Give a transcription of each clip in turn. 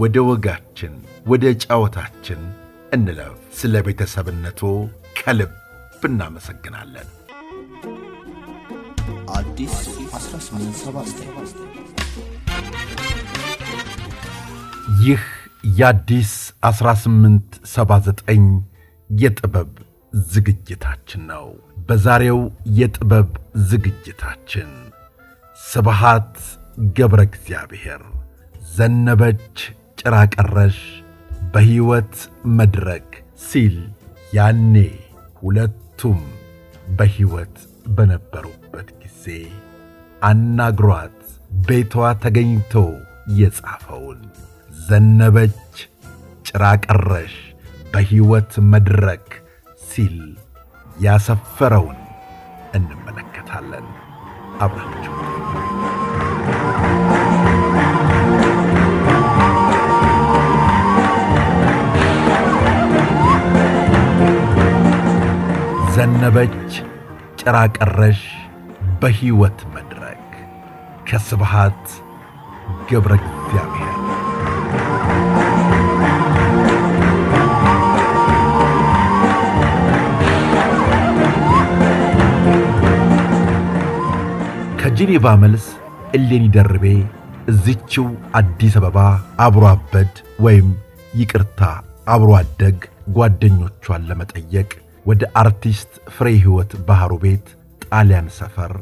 ወደ ወጋችን ወደ ጫወታችን እንለፍ። ስለ ቤተሰብነቱ ከልብ እናመሰግናለን። ይህ የአዲስ 1879 የጥበብ ዝግጅታችን ነው። በዛሬው የጥበብ ዝግጅታችን ስብሃት ገብረ እግዚአብሔር ዘነበች ጭራ ቀረሽ በሕይወት መድረክ ሲል ያኔ ሁለቱም በሕይወት በነበሩበት ጊዜ አናግሯት ቤቷ ተገኝቶ የጻፈውን ዘነበች ጭራ ቀረሽ በሕይወት መድረክ ሲል ያሰፈረውን እንመለከታለን። አብራችሁ ዘነበች ጭራ ቀረሽ በሕይወት መድረክ ከስብሃት ገብረ እግዚአብሔር ከጂኔቫ መልስ እሌኒ ደርቤ እዚችው አዲስ አበባ አብሮ አበድ ወይም ይቅርታ አብሮ አደግ ጓደኞቿን ለመጠየቅ ወደ አርቲስት ፍሬ ሕይወት ባህሩ ቤት ጣሊያን ሰፈር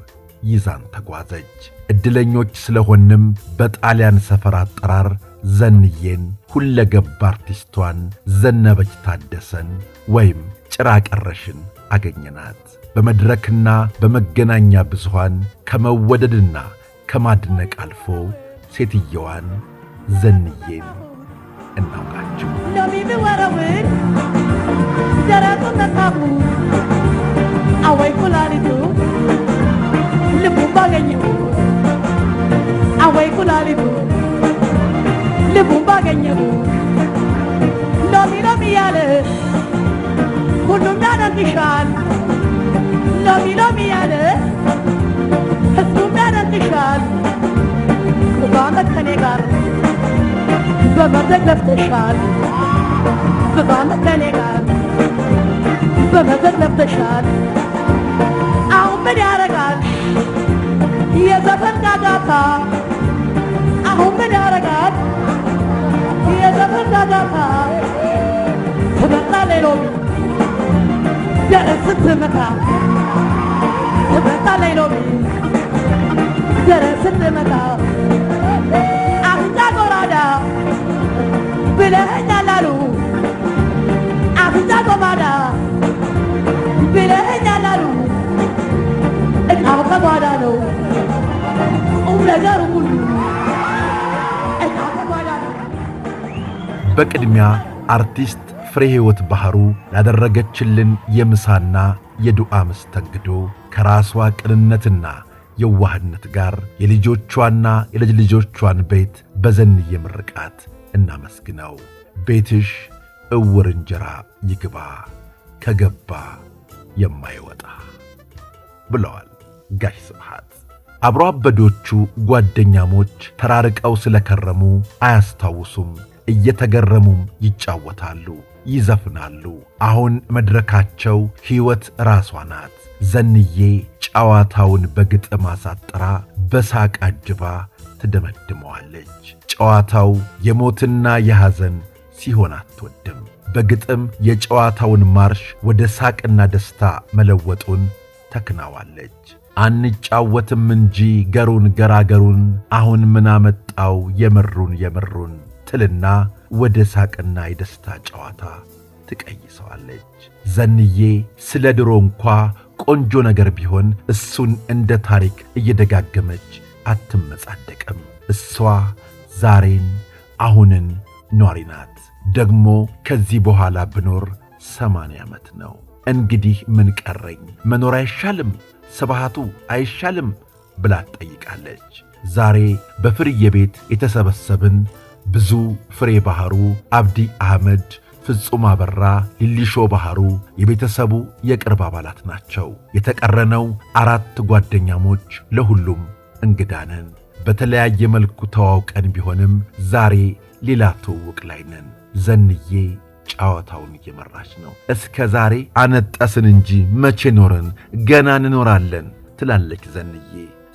ይዛን ተጓዘች። ዕድለኞች ስለሆንም በጣሊያን ሰፈር አጠራር ዘንዬን ሁለገብ አርቲስቷን ዘነበች ታደሰን ወይም ጭራ ቀረሽን አገኘናት። በመድረክና በመገናኛ ብዙሃን ከመወደድና ከማድነቅ አልፎ ሴትየዋን ዘንዬን እናውቃቸው። ደረቱን ነካኩ አወይ ኩላሊቱ ልቡ ባገኘው አወይ ኩላሊቱ ልቡ ባገኘው ሎሚ ሎሚ ያለ ሁሉም ያደንቅሻል ሎሚ ሎሚ ያለ ህዝቡም ያደንቅሻል ብዙ ከኔ ጋር በመርደግ ለፍተሻል ብዙ ከኔ ጋር በመጠን ለብተሻል። አሁን ምን ያረጋል የዘፈን ጋጋታ? አሁን ምን ያረጋል የዘፈን ጋጋታ? ትመጣ ሌሎሚ ደረስ ስትመታ ትመጣ ሌሎሚ ደረስ ስትመታ አፍንጫ ጎራዳ ብለኸኛል አሉ አፍንጫ ይለኛል አሉ። ነው ቁም ነገር ሁሉ ነው። በቅድሚያ አርቲስት ፍሬ ሕይወት ባህሩ ላደረገችልን የምሳና የዱዓ መስተንግዶ ከራሷ ቅንነትና የዋህነት ጋር የልጆቿና የልጅ ልጆቿን ቤት በዘንየ ምርቃት እናመስግነው። ቤትሽ እውር እንጀራ ይግባ ከገባ የማይወጣ ብለዋል ጋሽ ስብሐት። አብሮ አበዶቹ ጓደኛሞች ተራርቀው ስለከረሙ አያስታውሱም። እየተገረሙም ይጫወታሉ፣ ይዘፍናሉ። አሁን መድረካቸው ሕይወት ራሷ ናት። ዘንዬ ጨዋታውን በግጥም አሳጥራ በሳቅ አጅባ ትደመድመዋለች። ጨዋታው የሞትና የሐዘን ሲሆን አትወድም። በግጥም የጨዋታውን ማርሽ ወደ ሳቅና ደስታ መለወጡን ተክናዋለች። አንጫወትም እንጂ ገሩን ገራገሩን አሁን ምናመጣው የምሩን የምሩን ትልና ወደ ሳቅና የደስታ ጨዋታ ትቀይሰዋለች። ዘንዬ ስለ ድሮ እንኳ ቆንጆ ነገር ቢሆን እሱን እንደ ታሪክ እየደጋገመች አትመጻደቅም። እሷ ዛሬን አሁንን ኗሪ ናት። ደግሞ ከዚህ በኋላ ብኖር ሰማንያ ዓመት ነው። እንግዲህ ምን ቀረኝ? መኖር አይሻልም? ስብሃቱ አይሻልም? ብላ ትጠይቃለች። ዛሬ በፍርዬ ቤት የተሰበሰብን ብዙ ፍሬ ባህሩ፣ አብዲ አህመድ፣ ፍጹም አበራ፣ ሊሊሾ ባህሩ የቤተሰቡ የቅርብ አባላት ናቸው። የተቀረነው አራት ጓደኛሞች ለሁሉም እንግዳ ነን። በተለያየ መልኩ ተዋውቀን ቢሆንም ዛሬ ሌላ ትውውቅ ላይ ነን። ዘንዬ ጨዋታውን እየመራች ነው። እስከ ዛሬ አነጠስን እንጂ መቼ ኖርን? ገና እንኖራለን ትላለች ዘንዬ።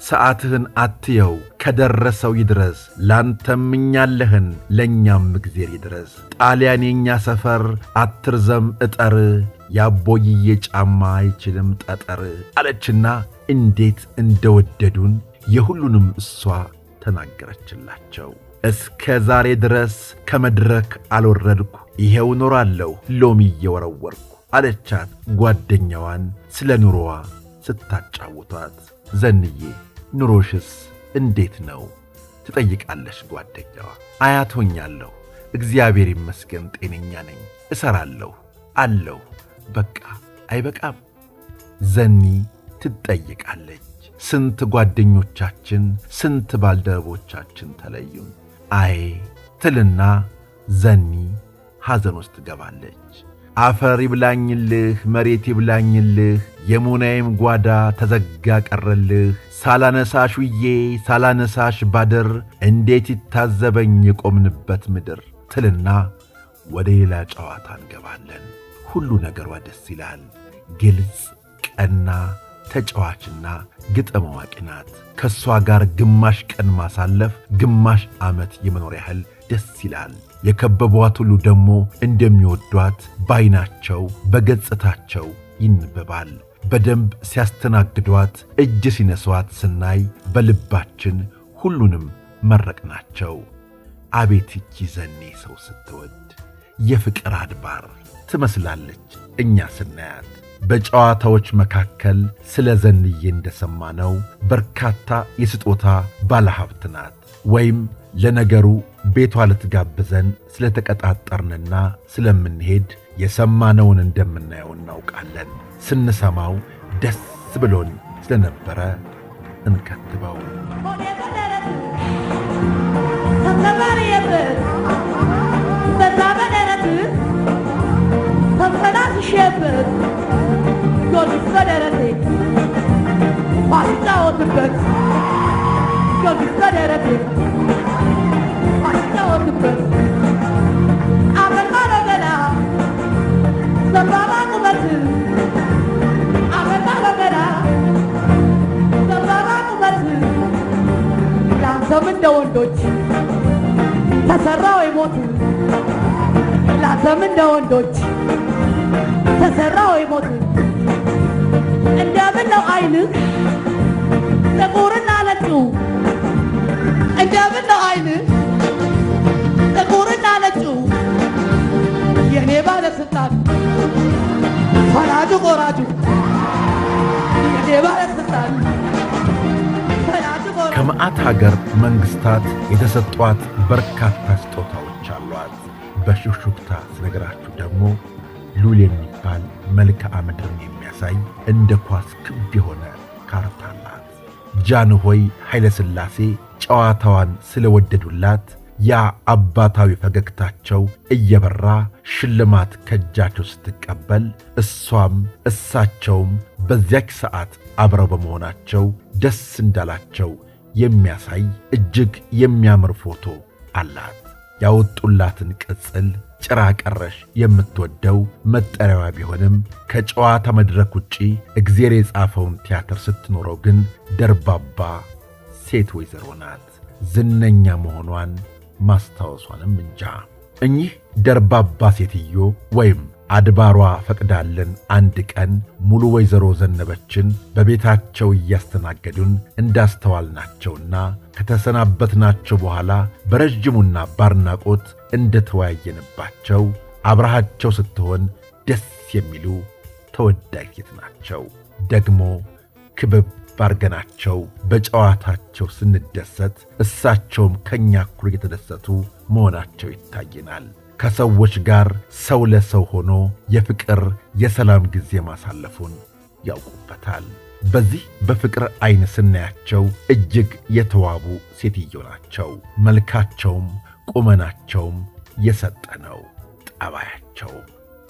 ሰዓትህን አትየው፣ ከደረሰው ይድረስ። ላንተም እኛለህን፣ ለእኛም እግዜር ይድረስ። ጣሊያን የእኛ ሰፈር አትርዘም እጠር፣ የአቦይዬ ጫማ አይችልም ጠጠር አለችና እንዴት እንደወደዱን የሁሉንም እሷ ተናገረችላቸው። እስከ ዛሬ ድረስ ከመድረክ አልወረድኩ፣ ይኸው ኖራለሁ ሎሚ እየወረወርኩ አለቻት ጓደኛዋን ስለ ኑሮዋ ስታጫውቷት። ዘንዬ ኑሮሽስ እንዴት ነው ትጠይቃለች ጓደኛዋ። አያት ሆኛለሁ፣ እግዚአብሔር ይመስገን ጤነኛ ነኝ፣ እሰራለሁ አለሁ፣ በቃ አይበቃም ዘኒ ትጠይቃለች። ስንት ጓደኞቻችን ስንት ባልደረቦቻችን ተለዩን። አይ ትልና ዘኒ ሐዘን ውስጥ ትገባለች። አፈር ይብላኝልህ፣ መሬት ይብላኝልህ፣ የሙናዬም ጓዳ ተዘጋ ቀረልህ። ሳላነሳሽ ውዬ ሳላነሳሽ ባድር እንዴት ይታዘበኝ የቆምንበት ምድር ትልና ወደ ሌላ ጨዋታ እንገባለን። ሁሉ ነገሯ ደስ ይላል፣ ግልጽ ቀና ተጫዋችና ግጥም አዋቂ ናት። ከእሷ ጋር ግማሽ ቀን ማሳለፍ ግማሽ ዓመት የመኖር ያህል ደስ ይላል። የከበቧት ሁሉ ደግሞ እንደሚወዷት ባይናቸው በገጽታቸው ይንበባል። በደንብ ሲያስተናግዷት፣ እጅ ሲነሷት ስናይ በልባችን ሁሉንም መረቅናቸው። አቤት እቺ ዘኔ ሰው ስትወድ የፍቅር አድባር ትመስላለች እኛ ስናያት። በጨዋታዎች መካከል ስለ ዘንዬ እንደሰማነው በርካታ የስጦታ ባለሀብት ናት ወይም ለነገሩ ቤቷ ልትጋብዘን ስለተቀጣጠርንና ስለምንሄድ የሰማነውን እንደምናየው እናውቃለን። ስንሰማው ደስ ብሎን ስለነበረ እንከትበው። ሞቶን ሰደረቴ አጫወትበት ገግ ሰደረቴ አጫወትበት አበል ባለገላ ዘንባባ ቁመት አበል ባለገላ ዘንባባ ቁመት ላንተም እንደ ወንዶች ተሰራው የሞቱ ላንተም እንደ ወንዶች ተሰራው የሞቱ እንደምን አይንህ ጥቁርና ነጩ? እንደምን አይንህ ጥቁርና ነጩ? የእኔ ባለስልጣን ፈራጁ ቆራጁ የእኔ ባለስልጣን ከመዓት ሀገር መንግስታት የተሰጧት በርካታ ስጦታዎች አሏት። በሹክሹክታ ስነግራችሁ ደግሞ ሉል የሚባል መልክዓ ምድርን የሚያሳይ እንደ ኳስ ክብ የሆነ ካርታ አላት። ጃንሆይ ኃይለሥላሴ ጨዋታዋን ስለወደዱላት ያ አባታዊ ፈገግታቸው እየበራ ሽልማት ከእጃቸው ስትቀበል እሷም እሳቸውም በዚያች ሰዓት አብረው በመሆናቸው ደስ እንዳላቸው የሚያሳይ እጅግ የሚያምር ፎቶ አላት። ያወጡላትን ቅጽል ጭራ ቀረሽ የምትወደው መጠሪያዋ ቢሆንም ከጨዋታ መድረክ ውጪ እግዜር የጻፈውን ቲያትር ስትኖረው ግን ደርባባ ሴት ወይዘሮ ናት። ዝነኛ መሆኗን ማስታወሷንም እንጃ። እኚህ ደርባባ ሴትዮ ወይም አድባሯ ፈቅዳልን አንድ ቀን ሙሉ ወይዘሮ ዘነበችን በቤታቸው እያስተናገዱን እንዳስተዋልናቸውና ከተሰናበትናቸው በኋላ በረዥሙና ባርናቆት እንደተወያየንባቸው አብረሃቸው ስትሆን ደስ የሚሉ ተወዳጅ ሴት ናቸው። ደግሞ ክብብ ባርገናቸው በጨዋታቸው ስንደሰት እሳቸውም ከኛ እኩል እየተደሰቱ መሆናቸው ይታየናል። ከሰዎች ጋር ሰው ለሰው ሆኖ የፍቅር የሰላም ጊዜ ማሳለፉን ያውቁበታል። በዚህ በፍቅር ዐይን ስናያቸው እጅግ የተዋቡ ሴትዮ ናቸው። መልካቸውም ቁመናቸውም የሰጠ ነው። ጠባያቸው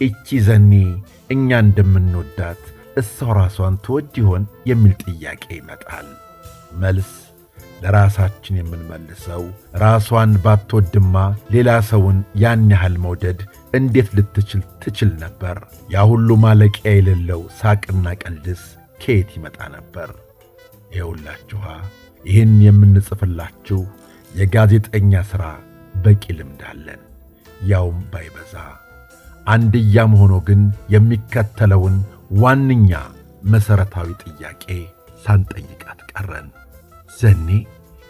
እቺ ዘኔ እኛ እንደምንወዳት እሷ ራሷን ትወድ ይሆን የሚል ጥያቄ ይመጣል። መልስ ለራሳችን የምንመልሰው። ራሷን ባትወድማ ሌላ ሰውን ያን ያህል መውደድ እንዴት ልትችል ትችል ነበር? ያ ሁሉ ማለቂያ የሌለው ሳቅና ቀልድስ ከየት ይመጣ ነበር? ይኸውላችኋ ይህን የምንጽፍላችሁ የጋዜጠኛ ሥራ በቂ ልምድ አለን፣ ያውም ባይበዛ አንድያም ሆኖ ግን የሚከተለውን ዋነኛ መሠረታዊ ጥያቄ ሳንጠይቃት ቀረን። ዘኔ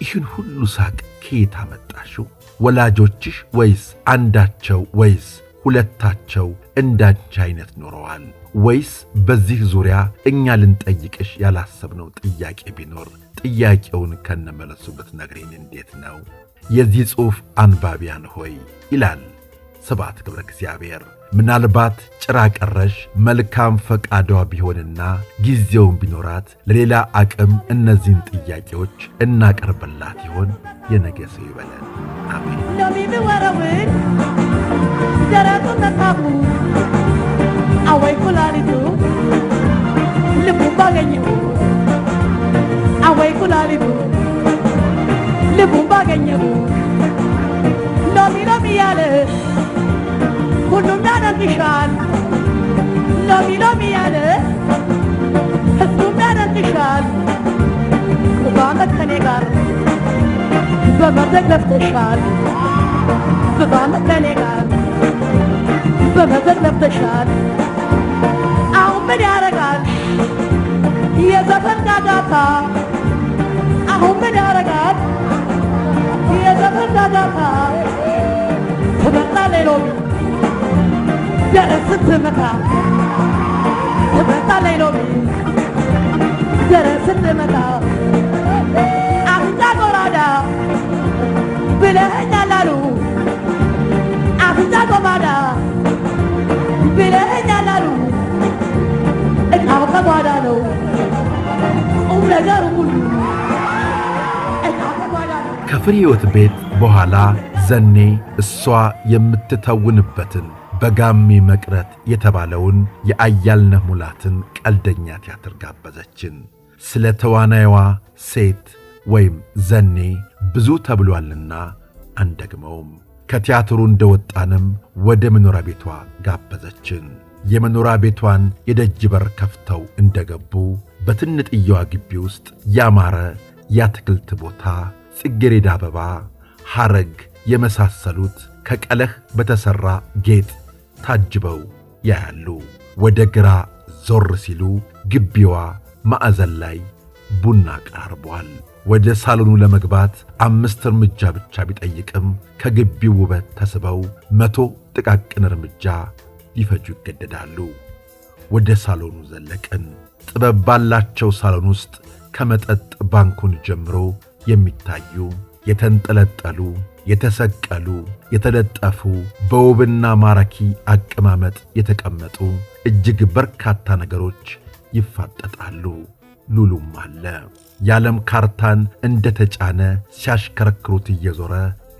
ይህን ሁሉ ሳቅ ከየት አመጣሽው? ወላጆችሽ ወይስ አንዳቸው ወይስ ሁለታቸው እንዳንቺ አይነት ኖረዋል ወይስ? በዚህ ዙሪያ እኛ ልንጠይቅሽ ያላሰብነው ጥያቄ ቢኖር ጥያቄውን ከነመለሱበት ነግሬን እንዴት ነው? የዚህ ጽሑፍ አንባቢያን ሆይ ይላል ስብሐት ገብረ እግዚአብሔር ምናልባት ጭራ ቀረሽ መልካም ፈቃዷ ቢሆንና ጊዜውን ቢኖራት ለሌላ አቅም እነዚህን ጥያቄዎች እናቀርብላት ይሆን? የነገ ሰው ይበለን። አሜን። እንደሚወረውድ ደረቱ መጣቡ አወይ ኩላሊቱ ልቡ ባገኘው አወይ ኩላሊቱ ልቡ ባገኘው ሎሚ ሎሚ ያለ ያደርግሻል ሎሚ ሎሚ ያለ እሱም ያደርግሻል። ብዙ ከኔ ጋር በመድረክ ለፍተሻል። ብዙ ከኔ ጋር በመድረክ ለፍተሻል። አሁን ምን ያረጋል የዘፈን ጋጋታ አሁን ምን ያረጋል የዘፈን ጋጋታ ትመጣ ሌሎሚ ደረስ ትመታ ሎሚ ደረስ አፍንጫ ጎራዳ አፍንጫ ጎማዳ እቃው ከጓዳ ነው ቁም ነገሩ ሁሉ ከፍሬ ሕይወት ቤት በኋላ ዘኔ እሷ የምትተውንበትን በጋሜ መቅረት የተባለውን የአያልነህ ሙላትን ቀልደኛ ቲያትር ጋበዘችን። ስለ ተዋናይዋ ሴት ወይም ዘኔ ብዙ ተብሏልና አንደግመውም። ከቲያትሩ እንደወጣንም ወደ መኖሪያ ቤቷ ጋበዘችን። የመኖሪያ ቤቷን የደጅ በር ከፍተው እንደገቡ በትንጥየዋ ግቢ ውስጥ ያማረ የአትክልት ቦታ፣ ጽጌረዳ አበባ፣ ሐረግ የመሳሰሉት ከቀለህ በተሠራ ጌጥ ታጅበው ያያሉ። ወደ ግራ ዞር ሲሉ ግቢዋ ማዕዘን ላይ ቡና ቀራርቧል። ወደ ሳሎኑ ለመግባት አምስት እርምጃ ብቻ ቢጠይቅም ከግቢው ውበት ተስበው መቶ ጥቃቅን እርምጃ ሊፈጁ ይገደዳሉ። ወደ ሳሎኑ ዘለቅን። ጥበብ ባላቸው ሳሎን ውስጥ ከመጠጥ ባንኩን ጀምሮ የሚታዩ የተንጠለጠሉ የተሰቀሉ፣ የተለጠፉ፣ በውብና ማራኪ አቀማመጥ የተቀመጡ እጅግ በርካታ ነገሮች ይፋጠጣሉ። ሉሉም አለ። የዓለም ካርታን እንደ ተጫነ ሲያሽከረክሩት እየዞረ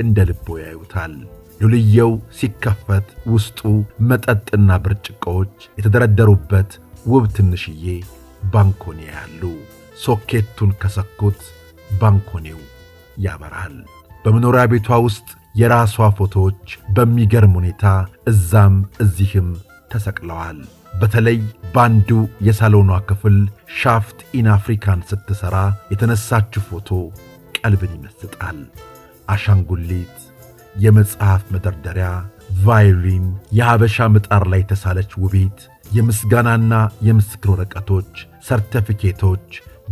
እንደ ልቦ ያዩታል። ሉልየው ሲከፈት ውስጡ መጠጥና ብርጭቆዎች የተደረደሩበት ውብ ትንሽዬ ባንኮኒ ያሉ ሶኬቱን ከሰኩት ባንኮኒው ያበራል። በመኖሪያ ቤቷ ውስጥ የራሷ ፎቶዎች በሚገርም ሁኔታ እዛም እዚህም ተሰቅለዋል። በተለይ በአንዱ የሳሎኗ ክፍል ሻፍት ኢን አፍሪካን ስትሠራ የተነሳችው ፎቶ ቀልብን ይመስጣል። አሻንጉሊት፣ የመጽሐፍ መደርደሪያ፣ ቫዮሊን፣ የሐበሻ ምጣር ላይ የተሳለች ውቤት፣ የምስጋናና የምስክር ወረቀቶች፣ ሰርተፊኬቶች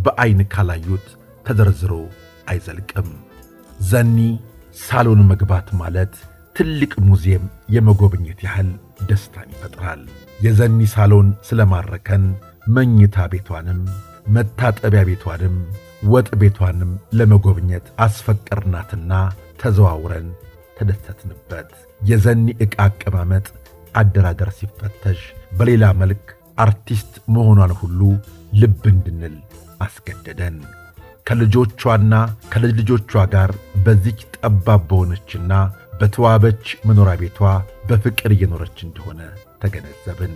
በዐይን ካላዩት ተዘርዝሮ አይዘልቅም። ዘኒ ሳሎን መግባት ማለት ትልቅ ሙዚየም የመጎብኘት ያህል ደስታን ይፈጥራል። የዘኒ ሳሎን ስለማረከን መኝታ ቤቷንም መታጠቢያ ቤቷንም ወጥ ቤቷንም ለመጎብኘት አስፈቀርናትና ተዘዋውረን ተደሰትንበት። የዘኒ ዕቃ አቀማመጥ አደራደር ሲፈተሽ በሌላ መልክ አርቲስት መሆኗን ሁሉ ልብ እንድንል አስገደደን። ከልጆቿና ከልጅ ልጆቿ ጋር በዚች ጠባብ በሆነችና በተዋበች መኖሪያ ቤቷ በፍቅር እየኖረች እንደሆነ ተገነዘብን።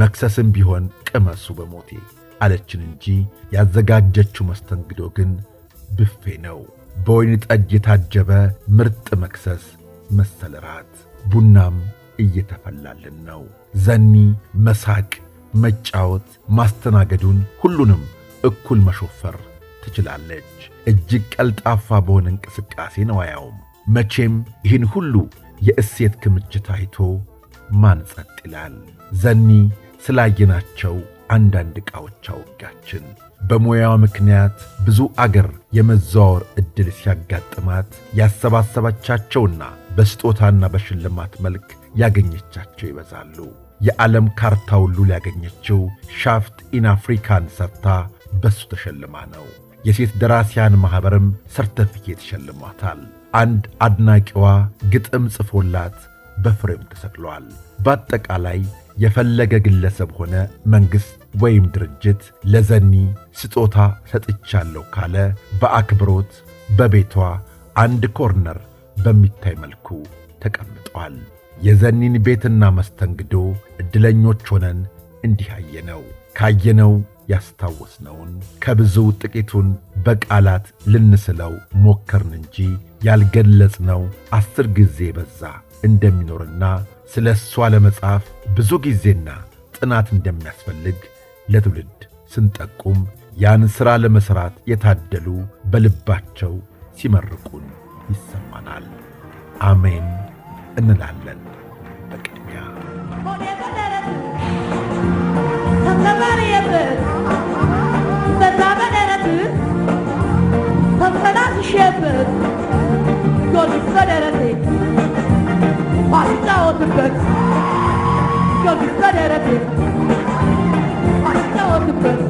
መክሰስም ቢሆን ቅመሱ በሞቴ አለችን እንጂ ያዘጋጀችው መስተንግዶ ግን ብፌ ነው። በወይን ጠጅ የታጀበ ምርጥ መክሰስ መሰለራት። ራት። ቡናም እየተፈላልን ነው። ዘኒ መሳቅ፣ መጫወት፣ ማስተናገዱን ሁሉንም እኩል መሾፈር ትችላለች። እጅግ ቀልጣፋ በሆነ እንቅስቃሴ ነው አያውም። መቼም ይህን ሁሉ የእሴት ክምችት አይቶ ማን ጸጥ ይላል? ዘኒ ስላየናቸው አንዳንድ ዕቃዎች አወጋችን። በሙያ ምክንያት ብዙ አገር የመዘዋወር ዕድል ሲያጋጥማት ያሰባሰባቻቸውና በስጦታና በሽልማት መልክ ያገኘቻቸው ይበዛሉ። የዓለም ካርታ ሁሉ ሊያገኘችው ሻፍት ኢን አፍሪካን ሰርታ በሱ ተሸልማ ነው። የሴት ደራሲያን ማኅበርም ሰርተፍኬት ሸልሟታል። አንድ አድናቂዋ ግጥም ጽፎላት በፍሬም ተሰቅሏል። በአጠቃላይ የፈለገ ግለሰብ ሆነ መንግሥት ወይም ድርጅት ለዘኒ ስጦታ ሰጥቻለሁ ካለ በአክብሮት በቤቷ አንድ ኮርነር በሚታይ መልኩ ተቀምጧል። የዘኒን ቤትና መስተንግዶ ዕድለኞች ሆነን እንዲህ አየነው ካየነው ያስታወስነውን ከብዙ ጥቂቱን በቃላት ልንስለው ሞከርን እንጂ ያልገለጽነው አስር ጊዜ በዛ እንደሚኖርና ስለ እሷ ለመጻፍ ብዙ ጊዜና ጥናት እንደሚያስፈልግ ለትውልድ ስንጠቁም ያን ሥራ ለመሥራት የታደሉ በልባቸው ሲመርቁን ይሰማናል። አሜን እንላለን። በቅድሚያ አስጫወትበት ጊዮርጊስ ተደረቤ አስጫወትበት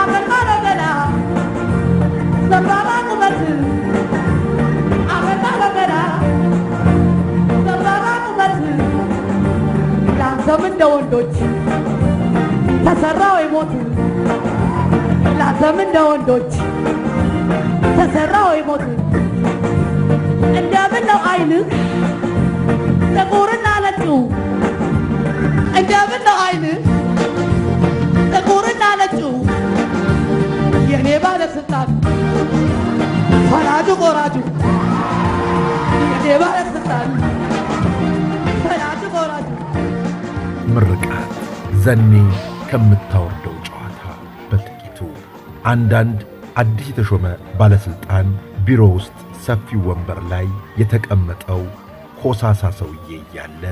አመል ባለገላ ዘንባባ ቁመት አመል ባለገላ ዘንባባ ቁመት ላንተም እንደ ወንዶች ተሰራው የሞት ላንተም እንደ ወንዶች ተሰራው የሞት እንደምን አይንህ ጥቁርና ነጩ? እንደምን ነው አይንህ ጥቁርና ነጩ? የእኔ ባለስልጣን ፈራጁ ቆራጁ የእኔ ባለስልጣን ፈራጁ ቆራጁ። ምርቃት ዘኔ ከምታወርደው ጨዋታ በጥቂቱ አንዳንድ አዲስ የተሾመ ባለስልጣን ቢሮ ውስጥ ሰፊው ወንበር ላይ የተቀመጠው ኮሳሳ ሰውዬ እያለ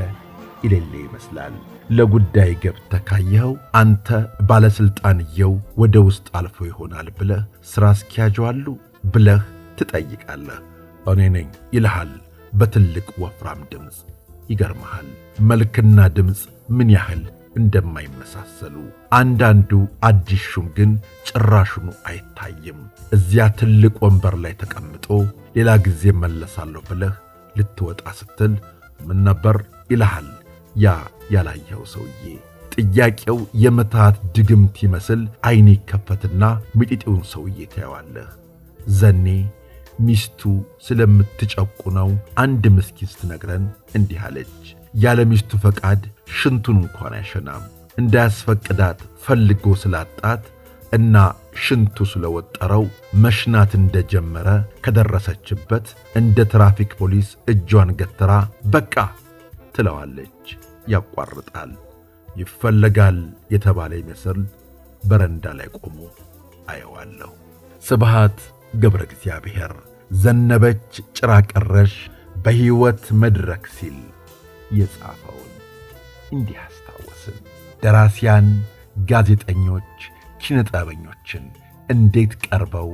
ኢሌሌ ይመስላል። ለጉዳይ ገብተህ ካየኸው አንተ ባለሥልጣንየው ወደ ውስጥ አልፎ ይሆናል ብለህ ሥራ አስኪያጁ አሉ ብለህ ትጠይቃለህ። እኔ ነኝ ይልሃል በትልቅ ወፍራም ድምፅ። ይገርመሃል መልክና ድምፅ ምን ያህል እንደማይመሳሰሉ፣ አንዳንዱ አዲስ ሹም ግን ጭራሹኑ አይታይም። እዚያ ትልቅ ወንበር ላይ ተቀምጦ ሌላ ጊዜ መለሳለሁ ብለህ ልትወጣ ስትል ምን ነበር ይልሃል ያ ያላየኸው ሰውዬ። ጥያቄው የመታት ድግምት ይመስል ዓይን ይከፈትና ሚጢጢውን ሰውዬ ታየዋለህ። ዘኔ ሚስቱ ስለምትጨቁ ነው አንድ ምስኪን ስትነግረን እንዲህ አለች። ያለ ሚስቱ ፈቃድ ሽንቱን እንኳን አይሸናም። እንዳያስፈቅዳት ፈልጎ ስላጣት እና ሽንቱ ስለወጠረው መሽናት እንደጀመረ ከደረሰችበት እንደ ትራፊክ ፖሊስ እጇን ገትራ በቃ ትለዋለች። ያቋርጣል። ይፈለጋል የተባለ ይመስል በረንዳ ላይ ቆሞ አየዋለሁ። ስብሃት ገብረ እግዚአብሔር ዘነበች ጭራ ቀረሽ በሕይወት መድረክ ሲል የጻፈውን እንዲያስታውስን ደራሲያን፣ ጋዜጠኞች፣ ኪነጥበበኞችን እንዴት ቀርበው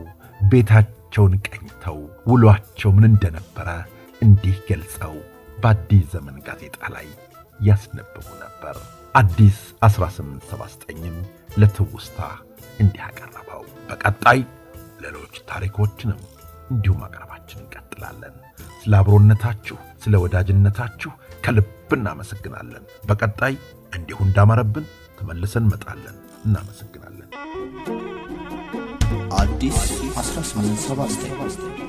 ቤታቸውን ቀኝተው ውሏቸው ምን እንደነበረ እንዲህ ገልጸው በአዲስ ዘመን ጋዜጣ ላይ ያስነብቡ ነበር። አዲስ 1879ም ለትውስታ እንዲህ አቀረበው። በቀጣይ ሌሎች ታሪኮችንም እንዲሁም አቅረባችን እንቀጥላለን። ስለ አብሮነታችሁ፣ ስለ ወዳጅነታችሁ ከልብ እናመሰግናለን። በቀጣይ እንዲሁ እንዳማረብን ተመልሰን እንመጣለን። እናመሰግናለን። አዲስ 1879